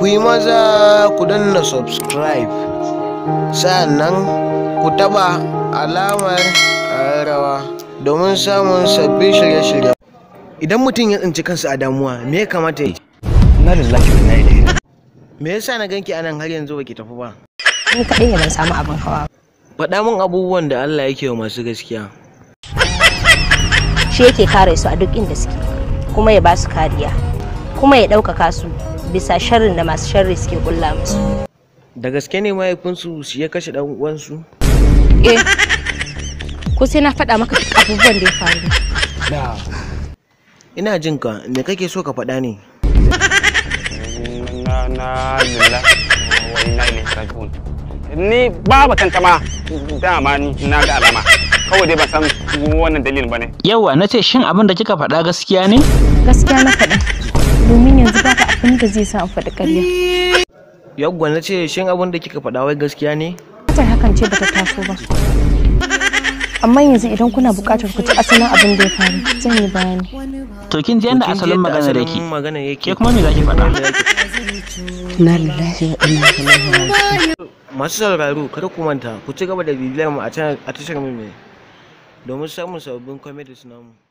ku yi maza ku danna subscribe sannan ku taba alamar rawa domin samun sabbin shirye-shirye idan mutum ya tsinci kansa a damuwa me ya kamata yi na lillahi wa inna me yasa na ganki anan har yanzu baki tafi ba ni kaɗai ya ban samu abin hawa faɗa min abubuwan da Allah yake wa masu gaskiya shi yake kare su a duk inda suke kuma ya ba su kariya kuma ya ɗaukaka su bisa sharrin da masu sharri suke kulla musu da gaske ne mahaifinsu su ya kashe dan uwansu eh ko sai na faɗa maka abubuwan da ya faru ina jin ka me kake so ka faɗa ne ni ba babu tantama dama na ga alama kawai dai ba san wannan dalilin ba ne. Yawa na ce shin abin da kika faɗa gaskiya ne? Gaskiya na faɗa. Domin yanzu ba wanda da zai sa in faɗi ƙarya yawwa na ce shin abin da kika faɗa wai gaskiya ne hakan hakan ce bata taso ba amma yanzu idan kuna buƙatar ku ci asalin abin da ya faru zan yi bayani to kin ji yadda asalin magana da ke kuma me ki faɗa na lillahi wa inna ilaihi masu sauraro kada ku manta ku ci gaba da bibiyar mu a tashar mu domin samun sababbin comedies namu